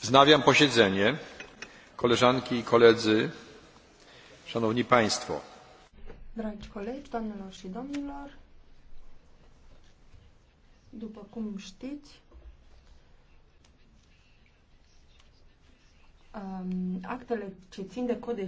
wznawiam posiedzenie koleżanki i koledzy Szanowni Państwo. Dragi colegi, doamnelor și domnilor, după cum știți, um, actele ce țin de code